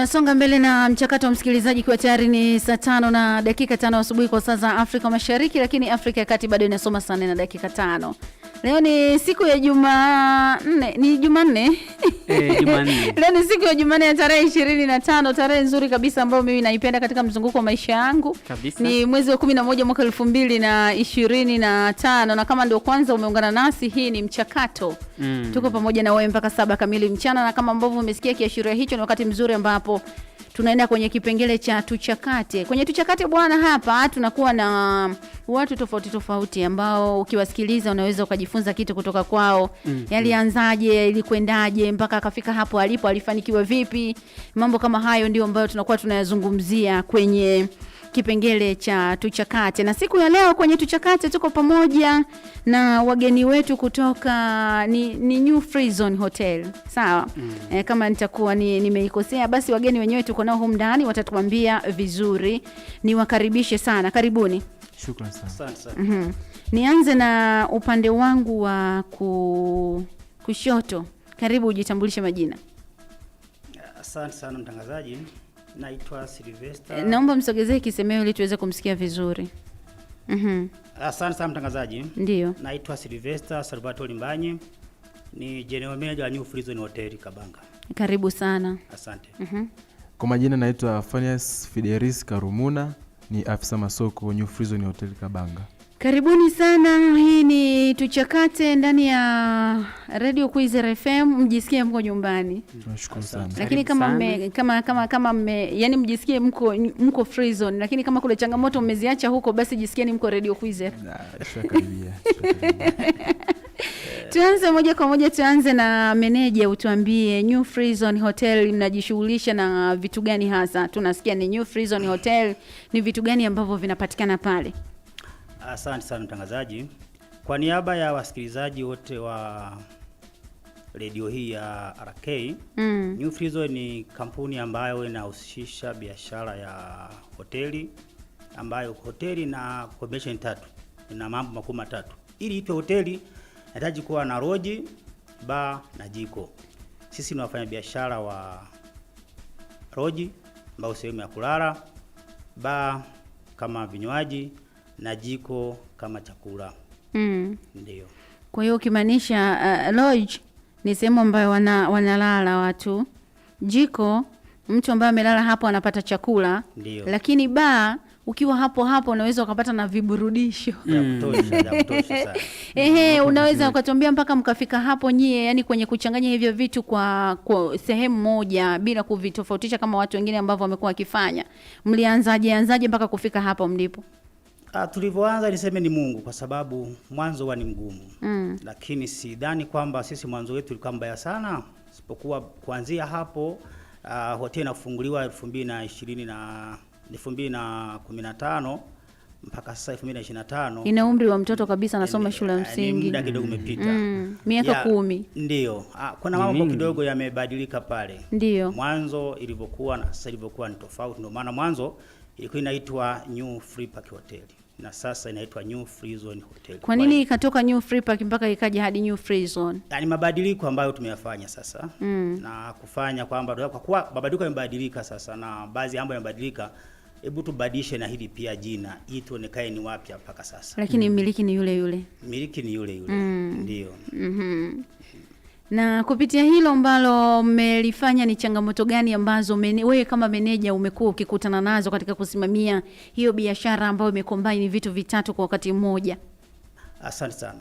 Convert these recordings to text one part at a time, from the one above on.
Tunasonga mbele na mchakato wa msikilizaji, kwa tayari ni saa tano na dakika tano asubuhi kwa saa za Afrika Mashariki, lakini Afrika ya Kati bado inasoma saa nne na dakika tano. Leo ni siku ya Jumanne, ni Jumanne eh, Jumanne. Leo ni siku ya Jumanne ya tarehe ishirini na tano, tarehe nzuri kabisa ambayo mimi naipenda katika mzunguko wa maisha yangu kabisa. Ni mwezi wa kumi na moja mwaka elfu mbili na ishirini na tano na kama ndio kwanza umeungana nasi, hii ni mchakato mm. Tuko pamoja na wewe mpaka saba kamili mchana, na kama ambavyo umesikia kiashiria hicho, ni wakati mzuri ambapo ambapo tunaenda kwenye kipengele cha tuchakate. Kwenye tuchakate bwana, hapa tunakuwa na watu tofauti tofauti ambao ukiwasikiliza unaweza ukajifunza kitu kutoka kwao. Mm, yalianzaje, mm. ilikwendaje mpaka akafika hapo alipo, alifanikiwa vipi? Mambo kama hayo ndio ambayo tunakuwa tunayazungumzia kwenye kipengele cha tuchakate, na siku ya leo kwenye tuchakate tuko pamoja na wageni wetu kutoka ni, ni New Free Zone Hotel sawa. mm. E, kama nitakuwa nimeikosea ni basi, wageni wenyewe tuko nao humu ndani watatuambia vizuri. Niwakaribishe sana, karibuni. Shukrani sana. mm -hmm. Nianze na upande wangu wa ku, kushoto, karibu ujitambulishe majina. Asante sana mtangazaji. Naitwa Silvester. Eh, naomba msogezee kisemeo ili tuweze kumsikia vizuri. Mm Asante sana mtangazaji. Ndio. Naitwa Silvester Salvatore Mbanye ni general manager wa New Horizon Hotel Kabanga. Karibu sana. Asante. Mm Kwa majina naitwa Fanias Fideris Karumuna ni afisa masoko New Horizon Hotel Kabanga. Karibuni sana, hii ni tuchakate ndani ya Radio Kwizera FM, mjisikie mko nyumbani. Tunashukuru sana. Lakini kama me, kama kama kama me, yani mjisikie mko mko free zone, lakini kama kule changamoto mmeziacha huko, basi jisikieni mko Radio Kwizera. Tuanze moja kwa moja, tuanze na meneja, utuambie New Free Zone Hotel mnajishughulisha na vitu gani hasa? Tunasikia ni New Free Zone Hotel, ni vitu gani ambavyo vinapatikana pale? Asante sana mtangazaji. Kwa niaba ya wasikilizaji wote wa redio hii ya RK mm. New Frizo ni kampuni ambayo inahusisha biashara ya hoteli ambayo hoteli na convention tatu, ina mambo makuu matatu. Ili itwe hoteli nahitaji kuwa na roji, ba na jiko. Sisi ni wafanyabiashara wa roji, ambayo sehemu ya kulala, ba kama vinywaji na jiko kama chakula mm. Ndio. Kwa hiyo ukimaanisha uh, lodge ni sehemu ambayo wana, wanalala watu, jiko mtu ambaye amelala hapo anapata chakula. Ndiyo. Lakini baa ukiwa hapo hapo unaweza ukapata na viburudisho mm. Ehe, unaweza ukatuambia mpaka mkafika hapo nyie, yani kwenye kuchanganya hivyo vitu kwa, kwa sehemu moja bila kuvitofautisha kama watu wengine ambavyo wamekuwa wakifanya, mlianzaje anzaje mpaka kufika hapo mlipo? Ah, Tulivyoanza niseme ni Mungu kwa sababu mwanzo huwa ni mgumu mm. Lakini sidhani kwamba sisi mwanzo wetu ulikuwa mbaya sana, isipokuwa kuanzia hapo uh, ah, hoteli inafunguliwa 2020 na 2015 mpaka sasa 2025. Ina umri wa mtoto kabisa, anasoma shule ya eh, msingi. Muda kidogo umepita mm. miaka kumi, ndio Ah, kuna mambo kidogo yamebadilika pale, ndio mwanzo ilivyokuwa na sasa ilivyokuwa ni tofauti. Ndio maana mwanzo ilikuwa inaitwa New Free Park Hotel na sasa inaitwa New Free Zone Hotel. Kwa nini ikatoka New Free Park mpaka ikaja hadi New Free Zone? Yaani mabadiliko ambayo tumeyafanya sasa mm. na kufanya kwamba kwa kuwa mabadiliko yamebadilika sasa na baadhi ya mambo yamebadilika hebu tubadilishe na hili pia jina hii tuonekane ni wapya mpaka sasa. Lakini mm. miliki ni yule yule. Miliki ni yule yule. Mm. Ndio. Mhm. Mm na kupitia hilo ambalo mmelifanya, ni changamoto gani ambazo wewe kama meneja umekuwa ukikutana nazo katika kusimamia hiyo biashara ambayo imekombaini vitu vitatu kwa wakati mmoja? Asante sana.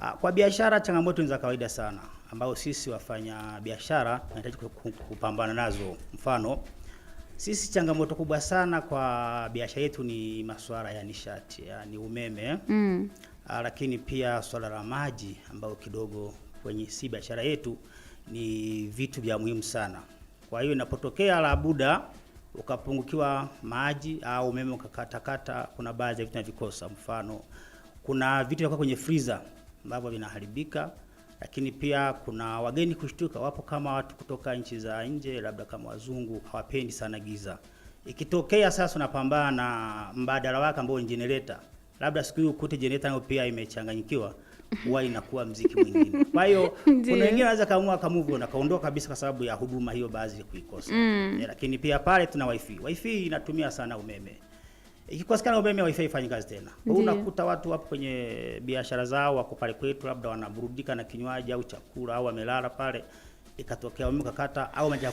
Ah, kwa biashara changamoto ni za kawaida sana, ambayo sisi wafanya biashara tunahitaji kupambana nazo. Mfano, sisi changamoto kubwa sana kwa biashara yetu ni masuala ya nishati, yani umeme mm. Ah, lakini pia swala la maji ambayo kidogo kwenye si biashara yetu ni vitu vya muhimu sana. Kwa hiyo inapotokea labuda ukapungukiwa maji au umeme ukakatakata, kuna baadhi ya vitu navikosa. Mfano, kuna vitu vya kwenye freezer ambavyo vinaharibika, lakini pia kuna wageni kushtuka. Wapo kama watu kutoka nchi za nje, labda kama wazungu, hawapendi sana giza. Ikitokea sasa unapambana na mbadala wake ambao ni generator, labda siku hiyo ukute generator nayo pia imechanganyikiwa huwa inakuwa mziki mwingine. Kwa hiyo kuna wengine anaweza kaamua move na kaondoka kabisa kwa sababu ya huduma hiyo baadhi ya kuikosa. Mm. E, lakini pia pale tuna wifi. Wifi inatumia sana umeme. Ikikosekana umeme wifi ifanye kazi tena. Kwa hiyo unakuta watu wapo kwenye biashara zao, wako pale kwetu, labda wanaburudika na kinywaji au chakula au wamelala pale ikatokea umeme au maji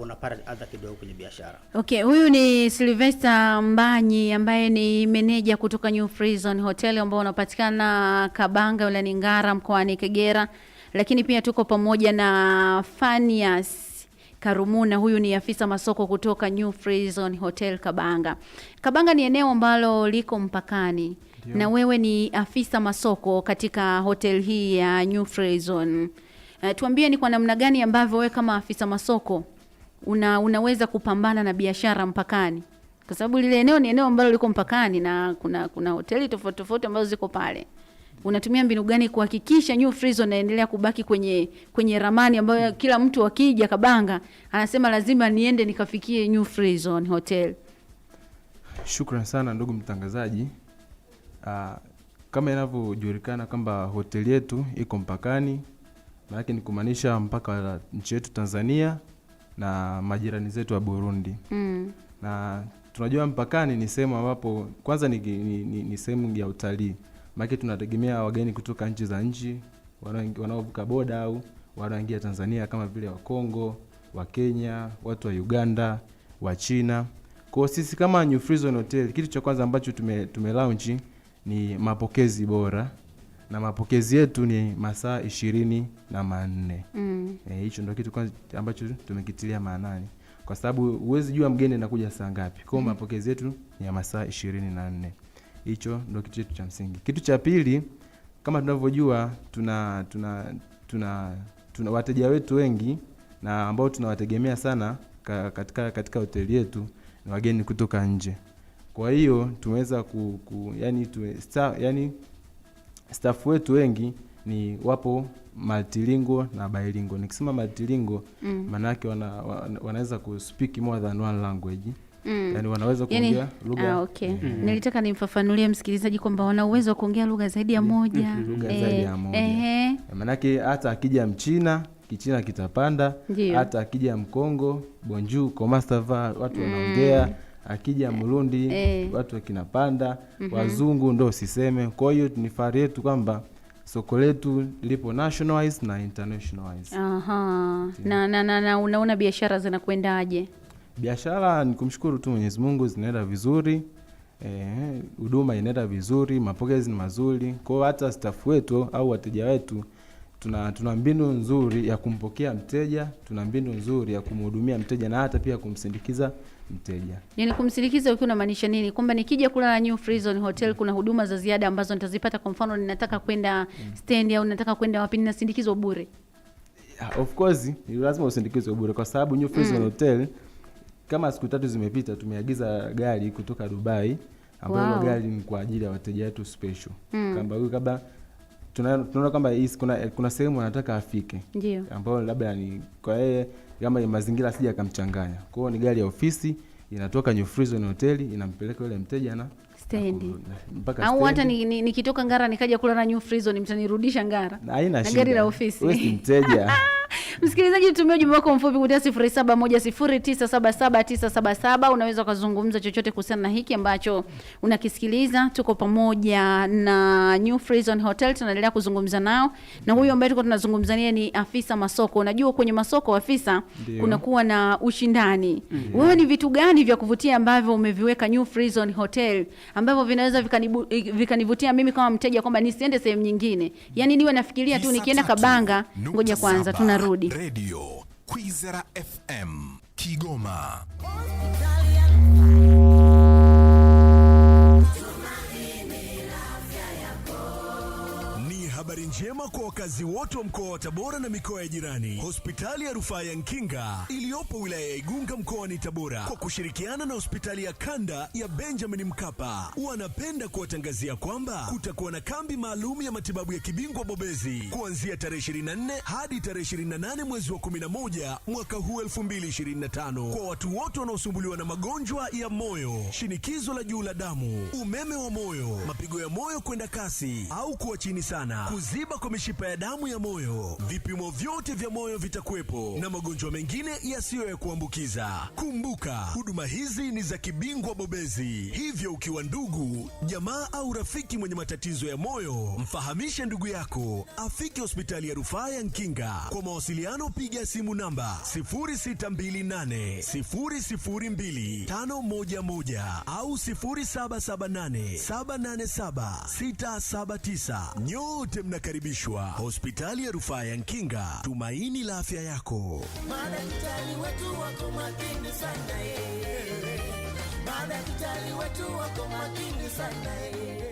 unapata adha kidogo kwenye biashara. Okay, huyu ni Sylvester Mbanyi ambaye ni meneja kutoka New Freezon Hotel ambao unapatikana Kabanga ni Ngara mkoani Kagera, lakini pia tuko pamoja na Fanias Karumuna huyu ni afisa masoko kutoka New Freezon Hotel Kabanga. Kabanga ni eneo ambalo liko mpakani. Dio. Na wewe ni afisa masoko katika hotel hii ya New Freezon. Uh, tuambie ni kwa namna gani ambavyo wewe kama afisa masoko una, unaweza kupambana na biashara mpakani, kwa sababu lile eneo ni eneo ambalo liko mpakani na kuna kuna hoteli tofauti tofauti ambazo ziko pale. Unatumia mbinu gani kuhakikisha New Free naendelea kubaki kwenye kwenye ramani ambayo kila mtu akija Kabanga anasema lazima niende nikafikie New Free Zone hotel? Shukran sana ndugu mtangazaji. Uh, kama inavyojulikana kwamba hoteli yetu iko mpakani maanake ni kumaanisha mpaka nchi yetu Tanzania na majirani zetu wa Burundi mm. na tunajua mpakani ni sehemu ambapo kwanza ni, ni, ni, ni sehemu ya utalii, maanake tunategemea wageni kutoka nchi za nchi wanaovuka boda au wanaoingia Tanzania kama vile Wakongo, wa Kenya, watu wa Uganda, wa China. Kwa sisi kama New Horizon Hotel, kitu cha kwanza ambacho tume, tume launch ni mapokezi bora na mapokezi yetu ni masaa ishirini na manne. Mm. Eh, hicho e, ndo kitu ambacho tumekitilia maanani kwa sababu huwezi jua mgeni anakuja saa ngapi. kwao mm. mapokezi yetu ni ya masaa ishirini na nne. Hicho ndo kitu chetu cha msingi. Kitu cha pili, kama tunavyojua, tuna tuna tuna, tuna, wateja wetu wengi na ambao tunawategemea sana ka, katika katika hoteli yetu ni wageni kutoka nje. Kwa hiyo tumeweza ku, ku, yani, tume, yani staff wetu wengi ni wapo multilingual na bilingual. Nikisema multilingual mm. maana yake wana, wana, wanaweza kuspeak more than one language. Mm. Yani wanaweza kuongea lugha. Ah, okay. Mm Nilitaka nimfafanulie msikilizaji kwamba wana uwezo wa kuongea lugha zaidi ya mm-hmm. moja. Lugha eh, zaidi ya moja. Eh. Maanake hata akija Mchina Kichina kitapanda, hata akija Mkongo bonjour, komastava, watu wanaongea mm akija Mrundi e, eh. watu wakinapanda mm -hmm. wazungu ndo usiseme. Kwa hiyo ni fahari yetu kwamba soko letu lipo nationalized na internationalized. Aha. Na, na, na, na unaona biashara zinakwendaje? Biashara ni kumshukuru tu Mwenyezi Mungu, zinaenda vizuri eh, huduma e, inaenda vizuri, mapokezi ni mazuri. Kwa hiyo hata staff wetu au wateja wetu tuna tuna mbinu nzuri ya kumpokea mteja, tuna mbinu nzuri ya kumhudumia mteja na hata pia kumsindikiza mteja. Yaani kumsindikiza ukiwa unamaanisha nini? Kwamba nikija kulala New Frizon Hotel mm. kuna huduma za ziada ambazo nitazipata, kwa mfano ninataka kwenda mm. stand au ninataka kwenda wapi, ninasindikizwa bure? Yeah, of course ni lazima usindikizwe bure kwa sababu New Frizon mm. Hotel kama siku tatu zimepita tumeagiza gari kutoka Dubai ambayo wow. gari ni kwa ajili ya wateja wetu special mm. Kamba huyu kabla tunaona kwamba kuna, kuna sehemu anataka afike ambayo labda ni kwa yeye kama mazingira sija akamchanganya. Kwa hiyo ni gari ya ofisi inatoka New frizon hoteli inampeleka yule mteja na stendi mpaka au hata nikitoka ni, ni Ngara nikaja kula na New Frizon mtanirudisha Ngara na, na gari la ofisi wewe si mteja Msikilizaji, tumia ujumbe wako mfupi kutia 0710977977. Unaweza ukazungumza chochote kuhusiana na hiki ambacho unakisikiliza. Tuko pamoja na New Freezon Hotel, tunaendelea kuzungumza nao, na huyu ambaye tuko tunazungumza naye ni afisa masoko. Unajua kwenye masoko afisa, kunakuwa na ushindani. Mm. Wewe ni vitu gani vya kuvutia ambavyo umeviweka New Freezon Hotel ambavyo vinaweza vikanivutia vika mimi kama mteja kwamba nisiende sehemu nyingine, yani niwe nafikiria tu nikienda Kabanga, ngoja kwanza tuna nitarudi. Radio Kwizera FM Kigoma. Habari njema kwa wakazi wote wa mkoa wa Tabora na mikoa ya jirani. Hospitali ya rufaa ya Nkinga iliyopo wilaya ya Igunga mkoani Tabora kwa kushirikiana na hospitali ya kanda ya Benjamin Mkapa wanapenda kuwatangazia kwamba kutakuwa na kambi maalum ya matibabu ya kibingwa bobezi kuanzia tarehe 24 hadi tarehe 28 mwezi wa 11 mwaka huu 2025 kwa watu wote wanaosumbuliwa na magonjwa ya moyo, shinikizo la juu la damu, umeme wa moyo, mapigo ya moyo kwenda kasi au kuwa chini sana kuziba kwa mishipa ya damu ya moyo, vipimo vyote vya moyo vitakuwepo na magonjwa mengine yasiyo ya kuambukiza. Kumbuka, huduma hizi ni za kibingwa bobezi, hivyo ukiwa ndugu, jamaa au rafiki mwenye matatizo ya moyo, mfahamishe ndugu yako afike hospitali ya rufaa ya Nkinga. Kwa mawasiliano, piga simu namba 0628002511 au 0778787679 nyote nyote mnakaribishwa hospitali ya rufaa ya Nkinga, tumaini la afya yako. Madaktari wetu wako makini sana, eh. Madaktari wetu wako makini sana, eh.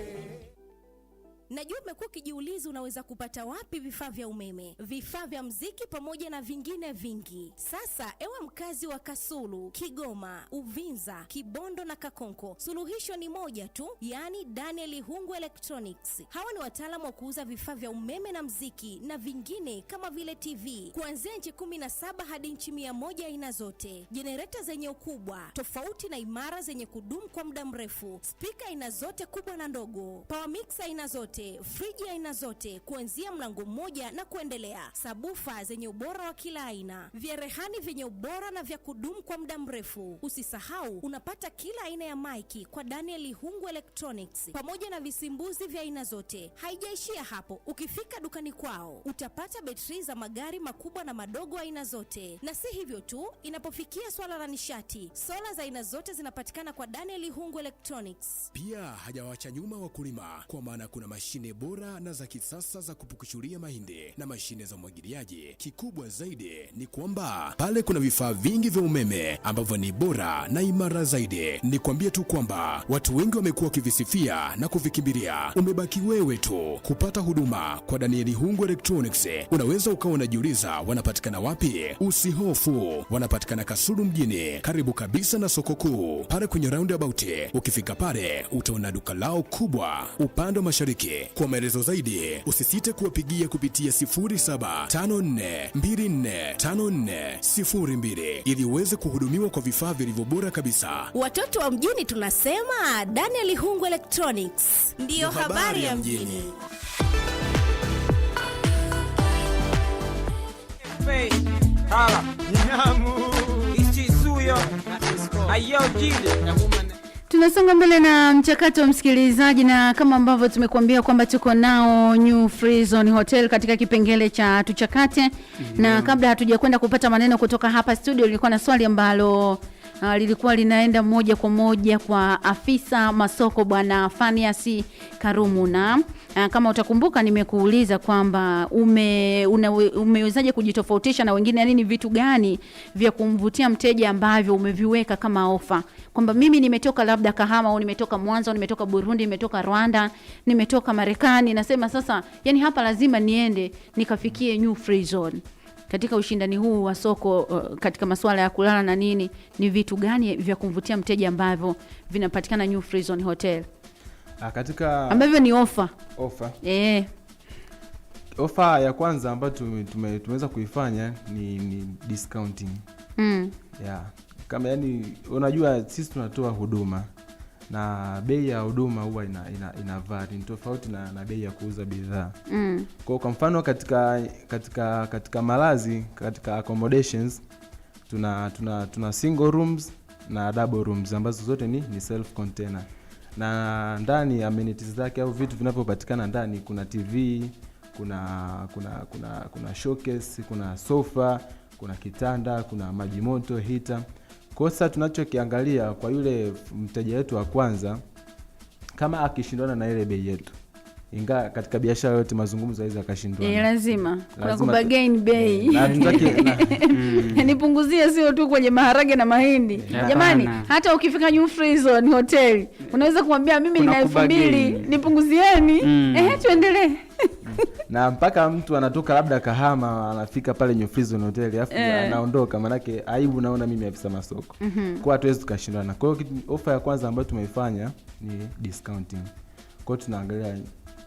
Najua umekuwa ukijiuliza unaweza kupata wapi vifaa vya umeme, vifaa vya mziki pamoja na vingine vingi. Sasa ewe mkazi wa Kasulu, Kigoma, Uvinza, Kibondo na Kakonko, suluhisho ni moja tu, yaani Daniel Hungu Electronics. Hawa ni wataalamu wa kuuza vifaa vya umeme na mziki na vingine kama vile TV kuanzia inchi 17 hadi inchi 100, aina zote, jenereta zenye ukubwa tofauti na imara zenye kudumu kwa muda mrefu, spika aina zote kubwa na ndogo, power mixer aina zote zote, friji aina zote kuanzia mlango mmoja na kuendelea, sabufa zenye ubora wa kila aina, vya rehani vyenye ubora na vya kudumu kwa muda mrefu. Usisahau unapata kila aina ya maiki kwa Daniel Hungu Electronics pamoja na visimbuzi vya aina zote. Haijaishia hapo, ukifika dukani kwao utapata betri za magari makubwa na madogo aina zote, na si hivyo tu, inapofikia swala la nishati, sola za aina zote zinapatikana kwa Daniel Hungu Electronics. Pia hajawacha nyuma wakulima, kwa maana kuna mashi mashine bora na za kisasa za kupukuchulia mahindi na mashine za umwagiliaji. Kikubwa zaidi ni kwamba pale kuna vifaa vingi vya umeme ambavyo ni bora na imara zaidi. kwambie tu kwamba watu wengi wamekuwa wakivisifia na kuvikimbilia. Umebaki wewe tu kupata huduma kwa Danieli Hungu Electronics. Unaweza ukawa unajiuliza wanapatikana wapi? Usihofu, wanapatikana Kasulu mjini, karibu kabisa na soko kuu pale kwenye roundabout. Ukifika pale utaona duka lao kubwa upande wa mashariki kwa maelezo zaidi usisite kuwapigia kupitia 0754245402 ili uweze kuhudumiwa kwa vifaa vilivyo bora kabisa. Watoto wa mjini tunasema Daniel Hungu Electronics ndiyo habari ya mjini, Hala, nyamu, ayo Tunasonga mbele na mchakato wa msikilizaji, na kama ambavyo tumekuambia kwamba tuko nao New Freezone Hotel katika kipengele cha tuchakate. mm -hmm. Na mm-hmm. kabla hatujakwenda kupata maneno kutoka hapa studio, lilikuwa na swali ambalo uh, lilikuwa linaenda moja kwa moja kwa afisa masoko Bwana Faniasi Karumuna. Uh, ah, kama utakumbuka nimekuuliza kwamba ume, umewezaje kujitofautisha na wengine, yani ni vitu gani vya kumvutia mteja ambavyo umeviweka kama ofa kwamba mimi nimetoka labda Kahama au nimetoka Mwanza au nimetoka Burundi, nimetoka Rwanda, nimetoka Marekani, nasema sasa, yani hapa lazima niende nikafikie New Free Zone katika ushindani huu wa soko uh, katika masuala ya kulala na nini, ni vitu gani vya kumvutia mteja ambavyo vinapatikana New Freezone Hotel ah, katika ambavyo ni ofa ofa eh ofa ya kwanza ambayo tume, tume, tumeweza kuifanya ni, ni discounting mm. yeah. kama yani, unajua sisi tunatoa huduma na bei ya huduma huwa ina, ina, ina vari ni tofauti na, na bei ya kuuza bidhaa mm. Kwa kwa mfano katika, katika, katika malazi katika accommodations tuna, tuna, tuna single rooms na double rooms ambazo zote ni, ni self container na ndani amenities zake au vitu vinavyopatikana ndani kuna TV kuna kuna kuna kuna showcase, kuna sofa kuna kitanda kuna maji moto hita kwa sasa tunachokiangalia kwa yule mteja wetu wa kwanza, kama akishindana na ile bei yetu ingawa katika biashara yote mazungumzo aweza akashindwana. E, eh, lazima kuna kubagain eh, bei mm. nipunguzie, sio tu kwenye maharage na mahindi yeah. jamani na. Hata ukifika New Frizon hoteli unaweza kumwambia mimi nina elfu mbili nipunguzieni. mm. Ehe, tuendelee. na mpaka mtu anatoka labda Kahama anafika pale New Frizon Hotel afu eh, anaondoka, maanake aibu naona mimi afisa masoko mm -hmm. Kwa hatuwezi tukashindana. Kwa hiyo ofa ya kwanza ambayo tumeifanya ni discounting. Kwa hiyo tunaangalia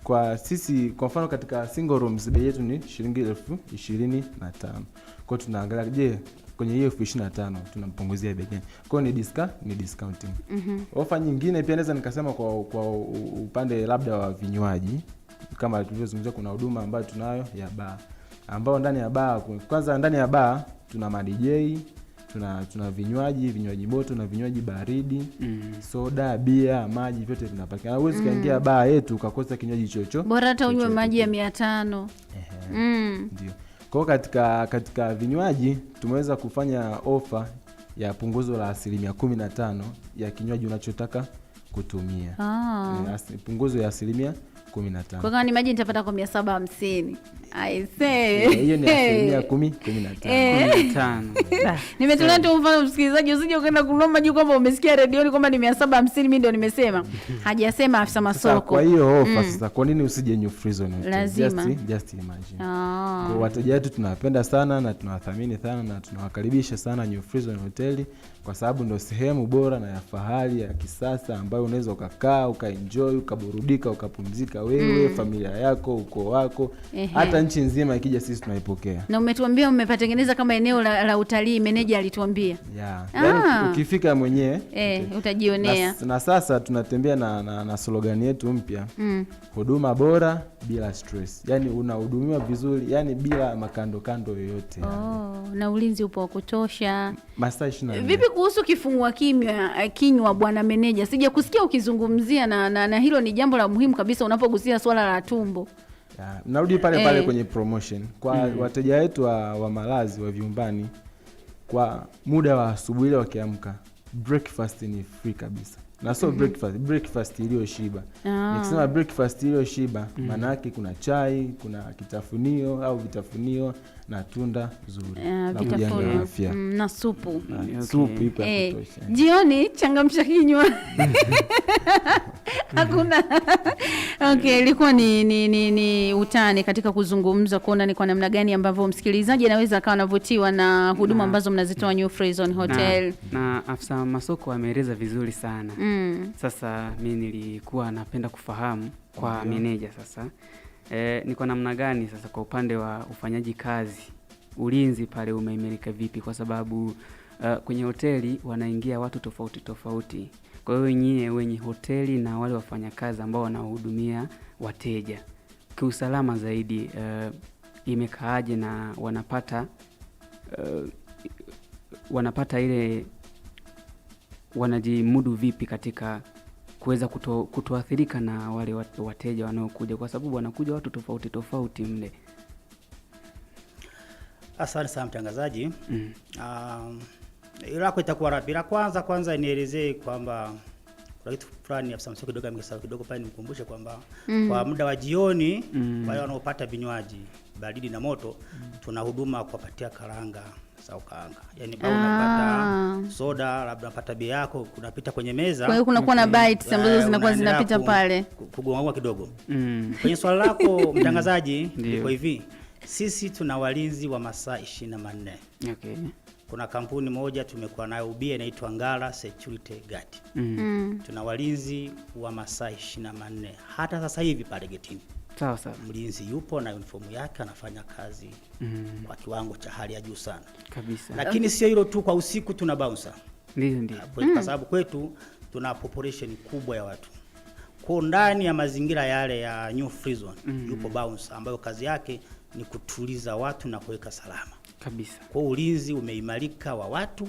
kwa sisi, kwa mfano katika single rooms bei yetu ni shilingi elfu ishirini na tano. kwao, tunaangalia je, kwenye hiyo elfu ishirini na tano tunampunguzia bei gani? Kwa ni diska, ni discounting. mm -hmm. Ofa nyingine pia naweza nikasema kwa, kwa upande labda wa vinywaji kama tulivyozungumzia, kuna huduma ambayo tunayo ya baa, ambao ndani ya baa, kwanza ndani ya baa tuna madijei tuna tuna vinywaji vinywaji moto na vinywaji baridi mm. soda, bia, maji vyote vinapatikana. Huwezi mm. kaingia baa yetu ukakosa kinywaji chocho, bora hata unywe maji ya mia tano. Mm. Ndio kwao. Katika, katika vinywaji tumeweza kufanya ofa ya punguzo la asilimia kumi na tano ya kinywaji unachotaka kutumia. ah. Eh, punguzo ya asilimia kumi na tano. Kwa hiyo ni maji nitapata kwa mia saba hamsini. Eh, hiyo ni asilimia kumi kumi na tano. Eh. Nimetolea tu mfano, msikilizaji, usije ukaenda kuloma juu kwamba umesikia redioni kwamba ni mia saba hamsini mi ndo nimesema, hajasema afisa masoko. Kwa hiyo ofa oh, mm. sasa, kwa nini usije New Frozen? Lazima just imagine, ah. wateja wetu tunawapenda sana na tunawathamini sana na tunawakaribisha sana New Frozen hoteli kwa sababu ndo sehemu bora na ya fahari ya kisasa ambayo unaweza ukakaa ukaenjoy ukaburudika ukapumzika wewe, mm. familia yako, ukoo wako hata nchi nzima ikija sisi tunaipokea. Na umetuambia umepatengeneza kama eneo la, la utalii, meneja alituambia yeah. Yaani ah. Ukifika mwenyewe e, utajionea na, na sasa tunatembea na, na, na slogan yetu mpya mm. huduma bora bila stress, yani unahudumiwa vizuri, yani bila makandokando yoyote oh, yani. Na ulinzi upo wa kutosha masaa ishirini na nne. Vipi kuhusu kifungua kinywa eh, kinywa, bwana meneja, sija kusikia ukizungumzia na, na, na hilo ni jambo la muhimu kabisa unapogusia swala la tumbo narudi pale hey, eh. kwenye promotion kwa mm, wateja wetu wa, wa malazi wa vyumbani kwa muda wa asubuhi ile wakiamka, breakfast ni free kabisa na so mm, breakfast breakfast iliyoshiba. Ah, nikisema breakfast iliyoshiba mm. maana yake kuna chai, kuna kitafunio au vitafunio na tunda zuri uh, mm, na supu, na ah, mm, okay, supu ipo hey. Eh, kutosha. jioni changamsha kinywa hakuna okay, ilikuwa ni, ni, ni, ni utani katika kuzungumza kuona ni kwa namna gani ambavyo msikilizaji anaweza akawa anavutiwa na huduma ambazo mnazitoa New Frozen Hotel. Na, na afisa Masoko ameeleza vizuri sana mm. Sasa mi nilikuwa napenda kufahamu kwa meneja sasa e, ni kwa namna gani sasa kwa upande wa ufanyaji kazi ulinzi pale umeimarika vipi kwa sababu uh, kwenye hoteli wanaingia watu tofauti tofauti. Kwa hiyo nyie wenye hoteli na wale wafanyakazi ambao wanawahudumia wateja kiusalama zaidi, uh, imekaaje na wanapata uh, wanapata ile wanajimudu vipi katika kuweza kutoathirika na wale wateja wanaokuja, kwa sababu wanakuja watu tofauti tofauti mle. Asante sana mtangazaji. mm. um, lako itakuwa rapi. La kwanza kwanza nielezee kwamba kuna kitu fulani afisa msoko kidogo amekisahau kidogo pale, nikumbushe kwamba mm. kwa muda wa jioni mm. wale wanaopata vinywaji baridi na moto mm. tuna huduma kuwapatia karanga za ukaanga, yani bao ah. unapata soda labda unapata bia yako, kunapita kwenye meza. Kwa hiyo kunakuwa na mm-hmm. bites ambazo eh, zinakuwa zinapita pale, kugongwa kidogo mm. kwenye swala lako mtangazaji, iko hivi, sisi tuna walinzi wa masaa ishirini na manne okay kuna kampuni moja tumekuwa nayo ubia inaitwa Ngara Security Guard. mm. mm. tuna walinzi wa masaa 24 hata sasa hivi pale getini. Sawa sawa. Mlinzi yupo na uniform yake anafanya kazi mm. kwa kiwango cha hali ya juu sana kabisa, lakini okay. sio hilo tu, kwa usiku tuna bouncer ndio ndio, kwa mm. sababu kwetu tuna population kubwa ya watu kwa ndani ya mazingira yale ya New Free Zone mm. yupo bouncer ambayo kazi yake ni kutuliza watu na kuweka salama kabisa. Kwa ulinzi umeimarika wa watu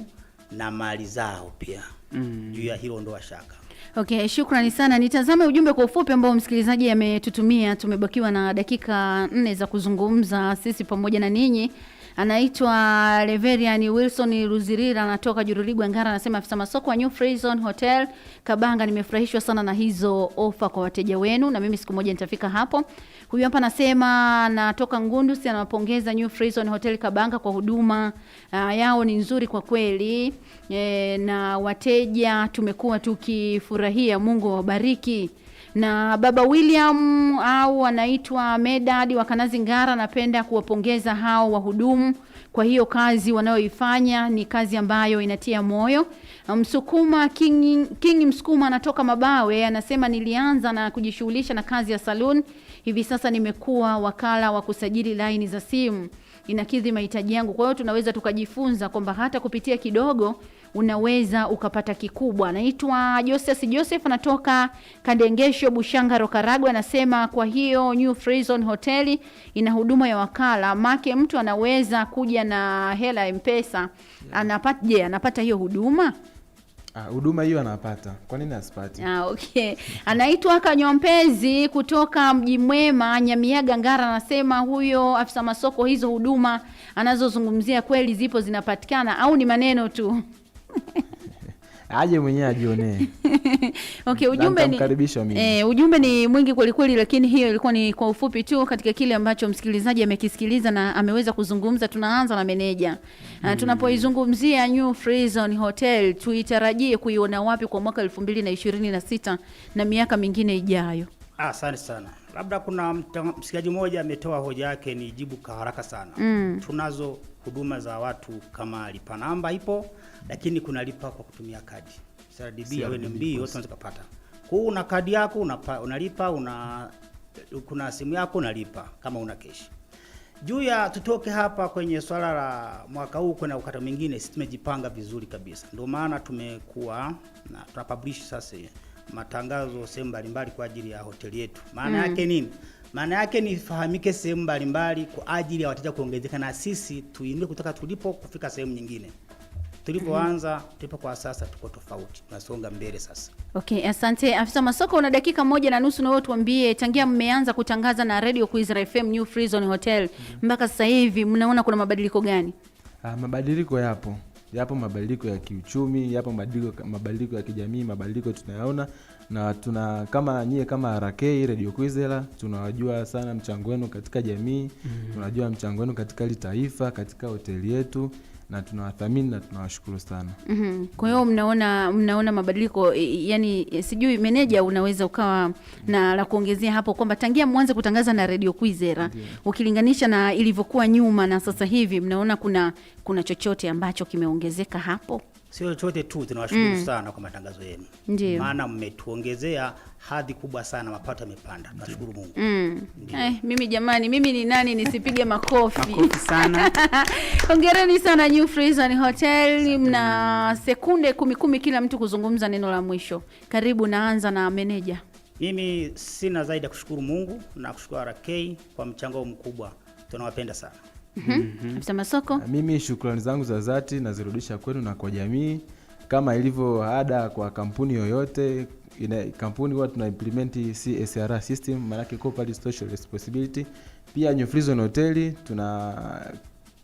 na mali zao pia mm. Juu ya hilo ndoa shaka. Okay, shukrani sana. Nitazame ujumbe kwa ufupi ambao msikilizaji ametutumia. Tumebakiwa na dakika nne za kuzungumza sisi pamoja na ninyi. Anaitwa Reverian Wilson Ruzirira, anatoka Juruligwe Ngara, anasema afisa masoko wa New Frizon Hotel Kabanga, nimefurahishwa sana na hizo ofa kwa wateja wenu, na mimi siku moja nitafika hapo. Huyu hapa anasema natoka Ngundusi, anawapongeza New Frizon Hotel Kabanga kwa huduma uh, yao ni nzuri kwa kweli e, na wateja tumekuwa tukifurahia. Mungu awabariki na baba William au anaitwa Medad wa Kanazi Ngara, napenda kuwapongeza hao wahudumu kwa hiyo kazi wanayoifanya ni kazi ambayo inatia moyo. Um, Msukuma King, King Msukuma anatoka Mabawe anasema nilianza na kujishughulisha na kazi ya saluni, hivi sasa nimekuwa wakala wa kusajili laini za simu inakidhi mahitaji yangu. Kwa hiyo tunaweza tukajifunza kwamba hata kupitia kidogo unaweza ukapata kikubwa. Anaitwa Joseph Joseph, anatoka Kandengesho, Bushanga, Rokaragwe. Anasema kwa hiyo New Frizon Hotel ina huduma ya wakala make, mtu anaweza kuja na hela mpesa, anapata je? anapata hiyo huduma ah, huduma hiyo anapata, kwa nini asipati? Ah, okay. Anaitwa Kanyompezi kutoka Mji Mwema, Nyamiaga, Ngara, anasema huyo afisa masoko, hizo huduma anazozungumzia kweli zipo zinapatikana au ni maneno tu? aje mwenyewe ajionee. Okay, ujumbe ni eh, ujumbe ni mwingi kweli kweli, lakini hiyo ilikuwa ni kwa ufupi tu katika kile ambacho msikilizaji amekisikiliza na ameweza kuzungumza. Tunaanza na meneja mm. Tunapoizungumzia New Frizon Hotel tuitarajie kuiona wapi kwa mwaka 2026 na miaka mingine ijayo? Ah, asante ah, sana labda kuna msikiaji mmoja ametoa hoja yake, ni jibu kwa haraka sana mm. Tunazo huduma za watu kama lipa namba ipo, lakini kuna lipa kwa kutumia kadi CRDB au NMB, wote unaweza kupata. Kwa una kadi yako una, unalipa una kuna simu yako unalipa kama una keshi. Juu ya tutoke hapa kwenye swala la mwaka huu kwenda ukata mwingine, sisi tumejipanga vizuri kabisa, ndio maana tumekuwa na tunapublish sasa matangazo sehemu mbalimbali kwa ajili ya hoteli yetu. Maana mm. nini? Maana yake ni fahamike sehemu mbalimbali kwa ajili ya wateja kuongezeka na sisi tuinue kutoka tulipo kufika sehemu nyingine. Tulipoanza, mm-hmm. tulipo kwa sasa tuko tofauti. Tunasonga mbele sasa. Okay, asante. Afisa Masoko una dakika moja na nusu na wewe tuambie tangia mmeanza kutangaza na Radio Kwizera FM New Free Hotel mpaka mm -hmm. mpaka sasa hivi mnaona kuna mabadiliko gani? Ah, mabadiliko yapo. Yapo mabadiliko ya kiuchumi, yapo mabadiliko mabadiliko ya kijamii, mabadiliko tunayaona na tuna kama nyie kama RK Radio Kwizera tunawajua sana mchango wenu katika jamii, mm. tunajua mchango wenu katika hili taifa, katika hoteli yetu na tunawathamini na tunawashukuru sana. mm -hmm. Kwa hiyo mnaona mnaona mabadiliko yani, sijui meneja, unaweza ukawa mm -hmm. na la kuongezea hapo kwamba tangia mwanze kutangaza na redio kuizera ukilinganisha na ilivyokuwa nyuma na sasa hivi, mnaona kuna kuna chochote ambacho kimeongezeka hapo? Sio chochote tu, tunawashukuru mm. sana kwa matangazo yenu, maana mmetuongezea hadhi kubwa sana, mapato yamepanda, tunashukuru Mungu mm. Eh, mimi jamani, mimi ni nani nisipige makofi, makofi sana hongereni sana New Freezan Hotel, mna sekunde kumi kumi kila mtu kuzungumza neno la mwisho. Karibu, naanza na meneja. Mimi sina zaidi ya kushukuru Mungu na kushukuru RK kwa mchango mkubwa, tunawapenda sana. Afisa mhm. mhm. masoko, mimi shukrani zangu za dhati nazirudisha kwenu na kwa jamii, kama ilivyo ada kwa kampuni yoyote ina, kampuni huwa tuna implement CSR system, maanake corporate social responsibility. Pia New Horizon Hotel tuna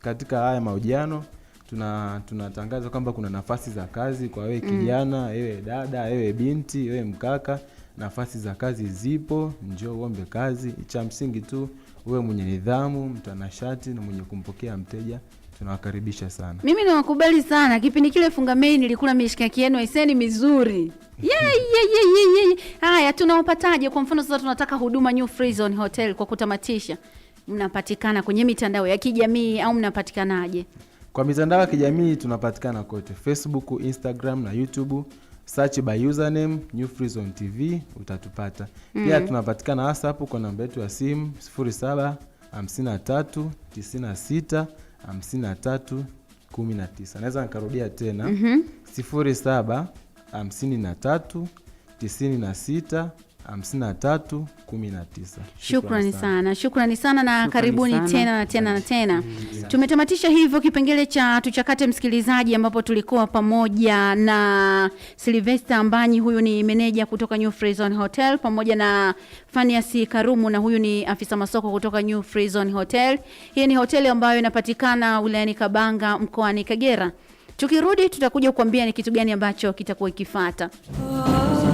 katika haya mahojiano tuna tunatangaza kwamba kuna nafasi za kazi kwa wewe mm. kijana, mm. ewe dada, ewe binti, ewe mkaka, nafasi za kazi zipo, njoo uombe kazi, cha msingi tu uwe mwenye nidhamu, mtanashati na mwenye kumpokea mteja. Tunawakaribisha sana. Mimi nawakubali sana. Kipindi kile Fungamei nilikula mishikaki yenu aiseni mizuri. Yeah, yeah, yeah, yeah, yeah. Haya, tunawapataje? Kwa mfano sasa tunataka huduma New Freezone Hotel kwa kutamatisha, mnapatikana kwenye mitandao ya kijamii au mnapatikanaje? Kwa mitandao ya kijamii tunapatikana kote Facebook, Instagram na YouTube search by username New Freeze TV utatupata. Mm. Pia tunapatikana WhatsApp kwa namba yetu ya simu 0753965319. Naweza nikarudia tena mm -hmm. 96 5319. Shukrani sana, shukrani sana na shukrani karibuni sana. Tena na tena na tena Tumetamatisha hivyo kipengele cha tuchakate msikilizaji, ambapo tulikuwa pamoja na Sylvester Mbanyi, huyu ni meneja kutoka New Frizon Hotel, pamoja na Faniasi Karumu, na huyu ni afisa masoko kutoka New Frizon Hotel. Hii ni hoteli ambayo inapatikana wilayani Kabanga mkoani Kagera. Tukirudi tutakuja kukuambia ni kitu gani ambacho kitakuwa oh.